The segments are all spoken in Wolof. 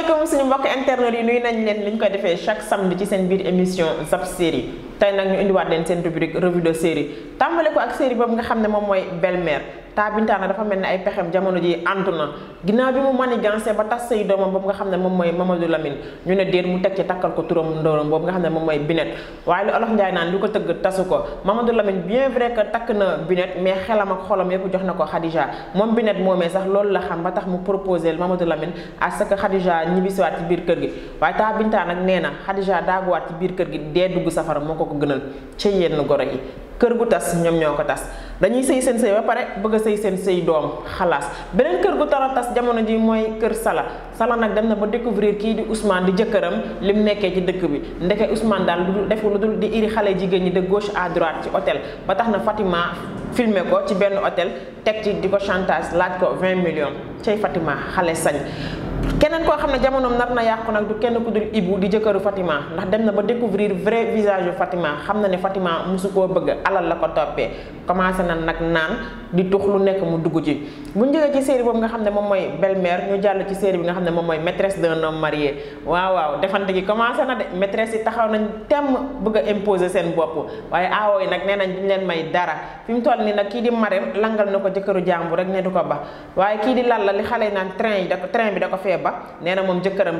asalaamaaleykum suñu mbokk internet yi nuyu nañ leen li ñu koy defee chaque samedi ci seen biir émission Zap Série tey nag ñu indiwaat leen seen rubrique revue de série tàmbale ko ak série boobu nga xam ne moom mooy belle taa bintaana dafa mel ni ay pexem jamono ji antu na ginnaaw bi mu manigancé ba tas sëy doomam boobu nga xam ne moom mooy Mamadou Lamine ñu ne déet mu teg ci ko turam ndóoram boobu nga xam moom mooy binet waaye lu olof njaay naan lu ko tëgg tasu ko Mamadou Lamine bien vrai que takk na binet mais xelam ak xolam yépp jox na ko Khadija moom binet moomee sax loolu la xam ba tax mu proposé Mamadou Lamine à ce que Khadija ñibbisiwaat ci biir kër gi waaye taa bintaan nag nee na Khadija daaguwaat ci biir kër gi dee dugg safara moo ko ko gënal ci yenn goro yi kër gu tas ñoom ñoo ko tas dañuy sëy seen sëy ba pare bëgg a sëy seen sëy doom xalaas beneen kër gu tara tas jamono ji mooy kër sala sala nag dem na ba découvrir kii di Ousmane di jëkkëram lim nekkee ci dëkk bi ndeke Ousmane daal lu dul def lu dul di iri xale jigéen ñi de gauche à droite ci hôtel ba tax na Fatima filmé ko ci benn hôtel teg ci di ko chantage laaj ko 20 million cey Fatima xale sañ keneen koo xam ne jamonoom nar na yàqu nag du kenn ku dul Ibou di jëkkëru Fatima ndax dem na ba découvrir vrai visage yu Fatima xam na ne Fatima mosu koo bëgg alal la ko toppee commencé na nag naan di tux lu nekk mu dugg ci bu ñu jógee ci série boobu nga xam ne moom mooy belle ñu jàll ci série nga xam ne moom mooy maîtresse d'un homme marié waaw waaw defante gi commencé na de maîtresse yi taxaw nañ temm bëgg a seen bopp waaye aawoo yi nag nee leen may kii di Marème langal na ko jëkkëru jàmbur ne du ba waaye fee ba nee na moom jëkkëram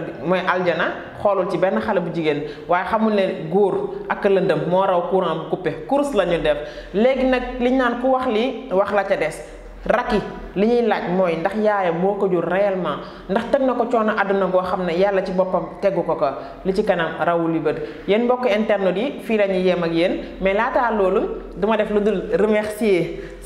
aljana xolul ci ben xale bu jigen way xamul ne góor ak mo raw courant bu coupé course lañu def léegi nak liñ naan ku wax li wax la ca dess raki liñuy laaj moy ndax yaaya moko jur réellement ndax tek nako ciona aduna go xamne yalla ci bopam teggu ko ko li ci kanam rawul li beut yeen mbokk internet yi fi lañuy yem ak yeen mais lolu duma def lu dul remercier